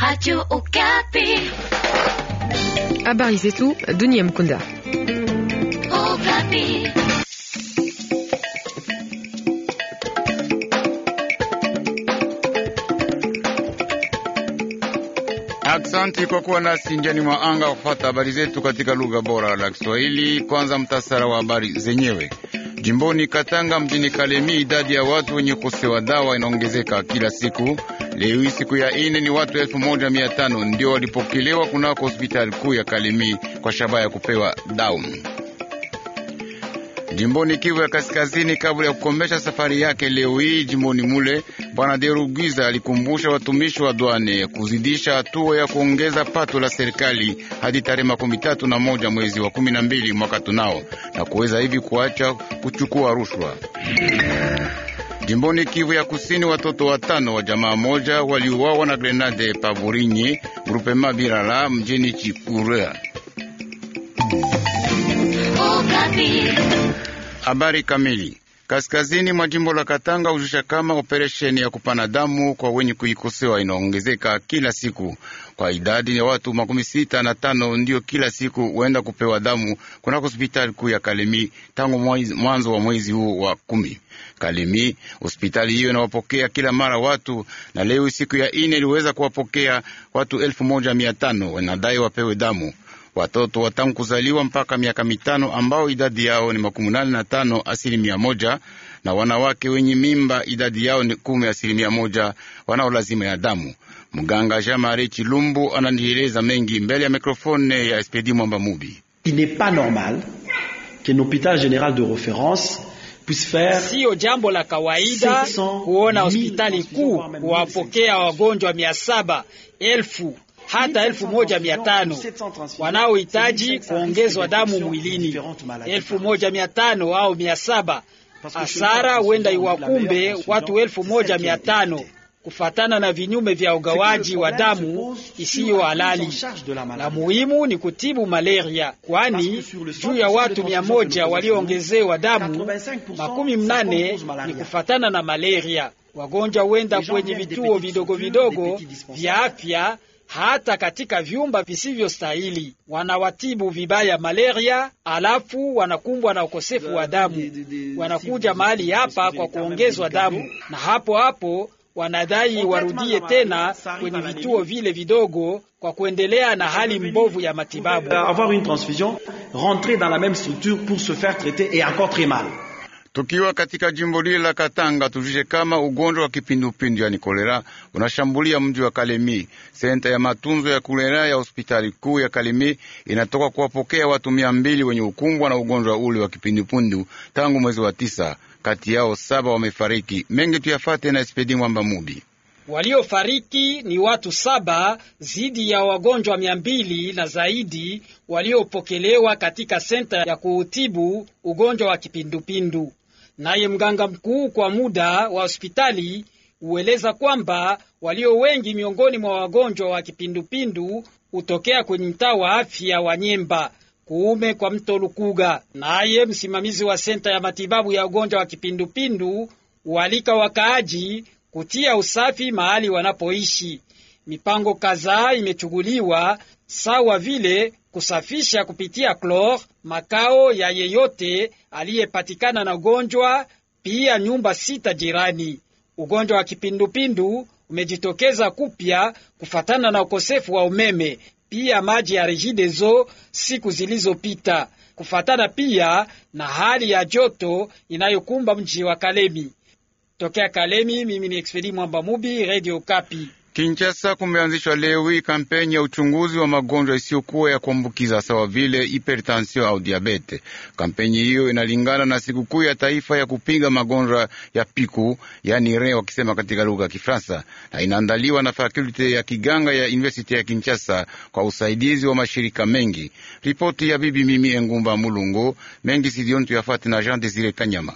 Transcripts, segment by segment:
Radio Okapi. Habari zetu dunia mkunda. Okapi. Aksanti kwa kuwa nasi njani mwa anga kufata habari zetu katika lugha bora la Kiswahili. Kwanza mtasara wa habari zenyewe. Jimboni Katanga mjini Kalemi, idadi ya watu wenye kosewa dawa inaongezeka kila siku. Leo siku ya ine ni watu elfu moja mia tano ndio walipokelewa kunako hospitali kuu ya Kalemi kwa shabaha ya kupewa dawa jimboni Kivu ya Kaskazini. Kabla ya kukomesha safari yake leo hii jimboni mule, bwana Derugwiza alikumbusha watumishi wa dwane kuzidisha hatua ya kuongeza pato la serikali hadi tarehe makumi tatu na moja mwezi wa kumi na mbili mwaka tunao, na kuweza hivi kuacha kuchukua rushwa. Jimboni Kivu ya Kusini, watoto watano wa jamaa moja waliuawa na grenade Pavurinyi grupe Mabirala mjini Chikurea. Habari kamili kaskazini mwa jimbo la Katanga hujusha kama operesheni ya kupana damu kwa wenye kuikosewa inaongezeka kila siku kwa idadi ya watu makumi sita na tano ndiyo kila siku huenda kupewa damu kunako hospitali kuu ya Kalemi tangu mwanzo wa mwezi huu wa kumi. Kalemi, hospitali hiyo inawapokea kila mara watu, na leo siku ya ine iliweza kuwapokea watu elfu moja mia tano wanadai wapewe damu watoto watangu kuzaliwa mpaka miaka mitano ambao idadi yao ni makumi nane na tano asilimia moja na wanawake wenye mimba idadi yao ni kumi asilimia moja wanao lazima ya damu. Mganga Jean Marie Chilumbu ananieleza mengi mbele ya mikrofone ya Espedi Mwamba Mubi. Il n'est pas normal de Siyo jambo la kawaida kuona hospitali kuu kuwapokea wagonjwa mia saba elfu hata elfu moja mia tano wanaohitaji kuongezwa damu mwilini, elfu moja mia tano au mia saba Hasara huenda iwakumbe watu elfu moja mia tano kufatana na vinyume vya ugawaji wa damu isiyo halali. La muhimu ni kutibu malaria, kwani juu ya watu mia moja walioongezewa damu makumi mnane ni kufatana na malaria. Wagonjwa huenda kwenye vituo vidogo vidogo vya afya hata katika vyumba visivyostahili. Wanawatibu vibaya malaria, alafu wanakumbwa na ukosefu wa damu. Wanakuja mahali hapa kwa kuongezwa damu, na hapo hapo wanadai warudie tena kwenye vituo vile vidogo kwa kuendelea na hali mbovu ya matibabu. Avoir une transfusion, rentrer dans la même structure pour se faire traiter et encore très mal. Tukiwa katika jimbo lile la Katanga, tujue kama ugonjwa wa kipindupindu yani kolera unashambulia mji wa Kalemi. Senta ya matunzo ya kolera ya hospitali kuu ya Kalemi inatoka kuwapokea watu mia mbili wenye ukumbwa na ugonjwa ule wa kipindupindu tangu mwezi wa tisa. Kati yao saba wamefariki. Mengi tuyafate na Espedi Mwamba Mubi. Waliofariki ni watu saba zidi ya wagonjwa mia mbili na zaidi waliopokelewa katika senta ya kuutibu ugonjwa wa kipindupindu. Naye mganga mkuu kwa muda wa hospitali hueleza kwamba walio wengi miongoni mwa wagonjwa wa kipindupindu hutokea kwenye mtaa wa afya wa Nyemba kuume kwa mto Lukuga. Naye msimamizi wa senta ya matibabu ya ugonjwa wa kipindupindu hualika wakaaji kutia usafi mahali wanapoishi. Mipango kadhaa imechuguliwa sawa vile kusafisha kupitia klor makao ya yeyote aliyepatikana na ugonjwa, pia nyumba sita jirani. Ugonjwa wa kipindupindu umejitokeza kupya kufatana na ukosefu wa umeme pia maji ya rejidezo siku zilizopita, kufatana pia na hali ya joto inayokumba mji wa Kalemi. Tokea Kalemi, mimi ni Expedi Mwamba Mubi, Radio Kapi. Kinshasa kumeanzishwa leo hii kampeni ya uchunguzi wa magonjwa isiyokuwa ya kuambukiza sawa vile hipertension au diabete. Kampeni hiyo inalingana na sikukuu ya taifa ya kupinga magonjwa ya piku, yani re wakisema katika lugha ya Kifaransa, na inaandaliwa na fakulte ya kiganga ya University ya Kinshasa kwa usaidizi wa mashirika mengi. Ripoti ya bibi Mimi Engumba Mulungu mengi sidioni tuyafati na Jean Desire Kanyama.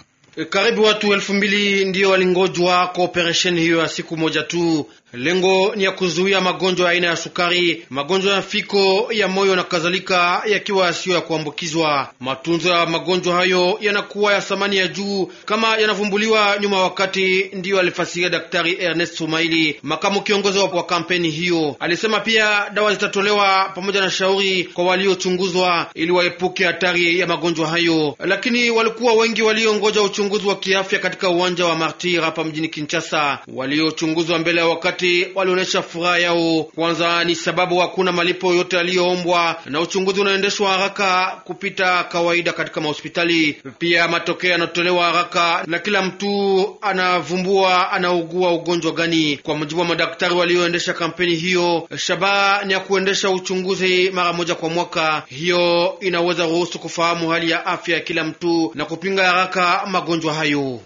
Karibu watu elfu mbili walingojwa kwa operesheni hiyo ya siku moja tu. Lengo ni ya kuzuia magonjwa ya aina ya sukari, magonjwa ya fiko, ya moyo na kadhalika, yakiwa yasiyo ya kuambukizwa. Matunzo ya magonjwa hayo yanakuwa ya thamani ya juu kama yanavumbuliwa nyuma wakati, ndiyo alifasiria Daktari Ernest Sumaili, makamu kiongozi wa kampeni hiyo. Alisema pia dawa zitatolewa pamoja na shauri kwa waliochunguzwa ili waepuke hatari ya magonjwa hayo, lakini walikuwa wengi waliongoja uchunguzi wa kiafya katika uwanja wa Martir hapa mjini Kinshasa, waliochunguzwa mbele ya wakati wote walionyesha furaha yao. Kwanza ni sababu hakuna malipo yote yaliyoombwa na uchunguzi unaendeshwa haraka kupita kawaida katika mahospitali. Pia matokeo yanatolewa haraka na kila mtu anavumbua anaugua ugonjwa gani. Kwa mujibu wa madaktari walioendesha kampeni hiyo, shabaha ni ya kuendesha uchunguzi mara moja kwa mwaka. Hiyo inaweza ruhusu kufahamu hali ya afya ya kila mtu na kupinga haraka magonjwa hayo.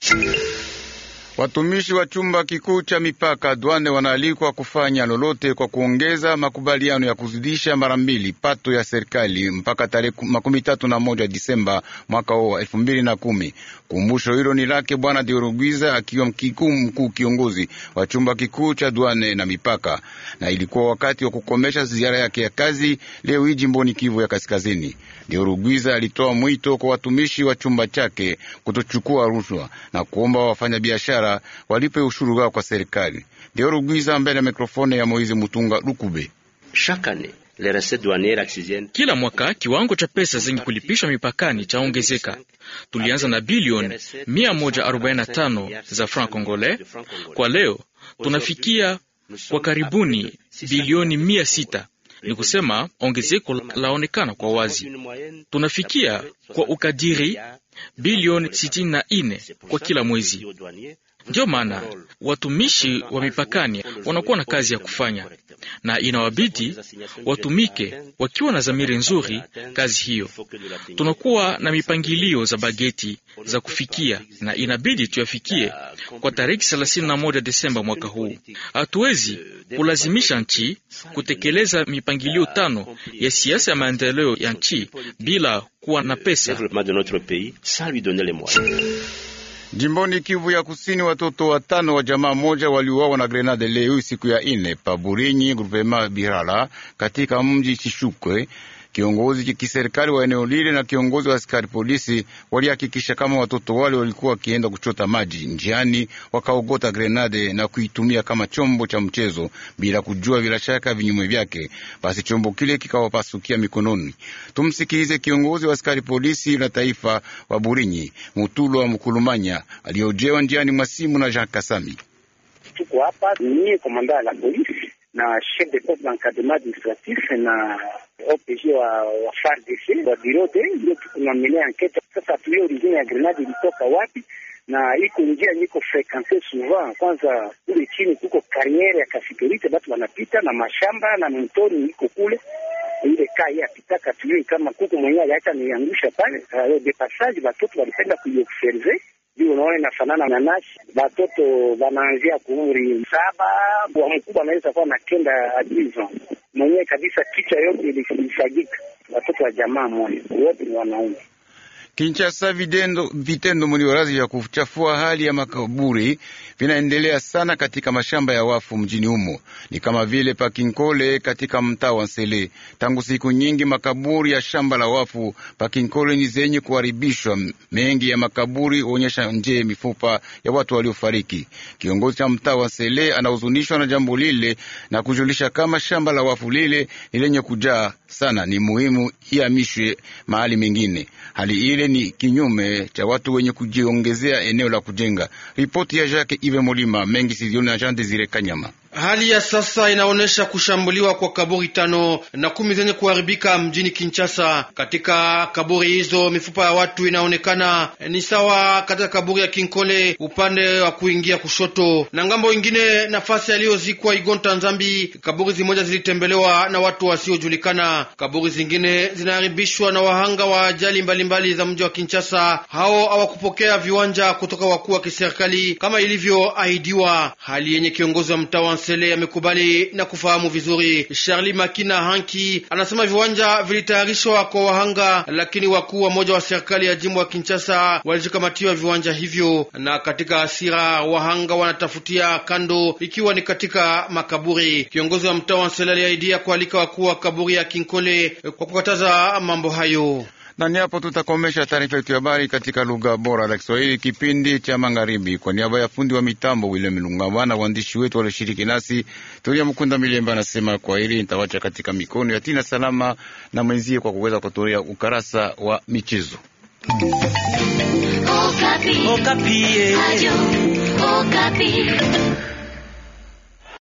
Watumishi wa chumba kikuu cha mipaka duane wanaalikwa kufanya lolote kwa kuongeza makubaliano ya kuzidisha mara mbili pato ya serikali mpaka tarehe makumi tatu na moja Disemba mwaka wa elfu mbili na kumi. Kumbusho hilo ni lake Bwana Diorugwiza akiwa mkikuu mkuu kiongozi wa chumba kikuu cha duane na mipaka, na ilikuwa wakati wa kukomesha ziara yake ya kazi leo hii jimboni Kivu ya Kaskazini. Diorugwiza alitoa mwito kwa watumishi wa chumba chake kutochukua rushwa na kuomba wafanyabiashara biashara walipe ushuru wao kwa serikali. Ndio Rugwiza mbele ya mikrofone ya Moizi Mutunga Lukube. Shakane kila mwaka kiwango cha pesa zenye kulipishwa mipakani chaongezeka. Tulianza na bilioni 145 za franc congolais, kwa leo tunafikia kwa karibuni bilioni 600. Ni kusema ongezeko laonekana kwa wazi. Tunafikia kwa ukadiri bilioni 64 kwa kila mwezi. Ndiyo maana watumishi wa mipakani wanakuwa na kazi ya kufanya na inawabidi watumike wakiwa na zamiri nzuri kazi hiyo. Tunakuwa na mipangilio za bageti za kufikia na inabidi tuyafikie kwa tariki 31 Desemba mwaka huu. Hatuwezi kulazimisha nchi kutekeleza mipangilio tano ya siasa ya maendeleo ya nchi bila kuwa na pesa. Jimboni Kivu ya Kusini, watoto watano wa jamaa moja waliuawa na grenade leo siku ya ine paburinyi, grupema Birala katika mji Chishukwe Kiongozi kiserikali wa eneo lile na kiongozi wa askari polisi walihakikisha kama watoto wale walikuwa wakienda kuchota maji njiani, wakaogota grenade na kuitumia kama chombo cha mchezo bila kujua bila shaka vinyume vyake, basi chombo kile kikawapasukia mikononi. Tumsikilize kiongozi wa askari polisi la taifa wa Burinyi Mutulu wa Mkulumanya aliyojewa njiani mwa simu na Jean Kasami. Tuko hapa ni komanda la polisi na chef de corps d'encadrement administratif na OPG wa wa FARDC wa biro de ndio tukunamilia ankete sasa, tulio origine ya grenade ilitoka wapi na iko njia niko frequente souvent. Kwanza kule chini kuko karriere ya kasikirite batu wanapita na mashamba na mtoni iko kule ile kaa ya apitaka tujui kama kuko mwenyewe aliacha niangusha pale uh, ah, de passage batoto walipenda kuiobserve ndio unaona inafanana na nashi. Batoto wanaanzia kuumri saba, wa mkubwa anaweza kuwa na kenda adizo mwenyewe kabisa, kichwa yote ilishagika, watoto wa jamaa moja wote ni wanaume. Kinshasa, vitendo vitendo mliorazi vya kuchafua hali ya makaburi vinaendelea sana katika mashamba ya wafu mjini humo, ni kama vile Pakinkole katika mtaa wa Nsele. Tangu siku nyingi makaburi ya shamba la wafu Pakinkole ni zenye kuharibishwa. Mengi ya makaburi huonyesha nje mifupa ya watu waliofariki. Kiongozi cha mtaa wa Nsele anahuzunishwa na jambo lile na kujulisha kama shamba la wafu lile ni lenye kujaa sana, ni muhimu ihamishwe mahali mengine. Hali ile ni kinyume cha watu wenye kujiongezea eneo la kujenga. Ripoti ya Jacques Ive molima mengi Sidioni na Jean Desire Kanyama. Hali ya sasa inaonyesha kushambuliwa kwa kaburi tano na kumi zenye kuharibika mjini Kinshasa. Katika kaburi hizo mifupa ya watu inaonekana ni sawa katika kaburi ya Kinkole upande wa kuingia kushoto, na ngambo ingine nafasi yaliyozikwa Igonta Nzambi, kaburi zimoja zilitembelewa na watu wasiojulikana. Kaburi zingine zinaharibishwa na wahanga wa ajali mbalimbali za mji wa Kinshasa. Hao hawakupokea viwanja kutoka wakuu wa kiserikali kama ilivyoahidiwa, hali yenye kiongozi wa mtawa Sele amekubali na kufahamu vizuri. Charli Makina Hanki anasema viwanja vilitayarishwa kwa wahanga, lakini wakuu wa moja wa serikali ya jimbo ya Kinshasa walijikamatiwa viwanja hivyo, na katika hasira wahanga wanatafutia kando, ikiwa ni katika makaburi. Kiongozi wa mtaa wa Sele aliahidia kualika wakuu wa kaburi ya Kinkole kwa kukataza mambo hayo. Na ni hapo tutakomesha taarifa yetu ya habari katika lugha bora la Kiswahili, kipindi cha Magharibi. Kwa niaba ya fundi wa mitambo William Lungama na waandishi wetu walioshiriki nasi, Tulia Mkunda Milemba anasema kwa hili nitawacha katika mikono ya Tina Salama na mwenzie kwa kuweza kutolea ukarasa wa michezo Okapi. Okapi. Eh.